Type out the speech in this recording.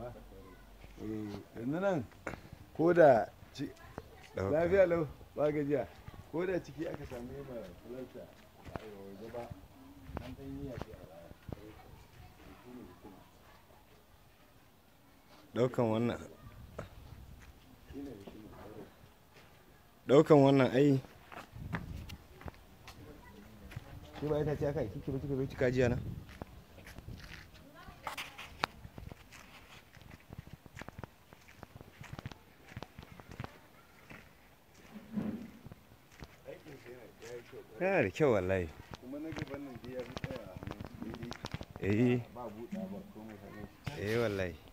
ba eh, yanzu nan ko da lafiya lau ba gajiya ko da ciki aka a yi waje an ɗan yi yaƙi a ɗaukan wannan ɗaukan wannan ai shi ba ita ce aka yi kike ba kike bai cika jiya na yana da kyau wallahi kuma na gaba nan da ya fi tsaya eh. ba buɗa ba komai eh wallahi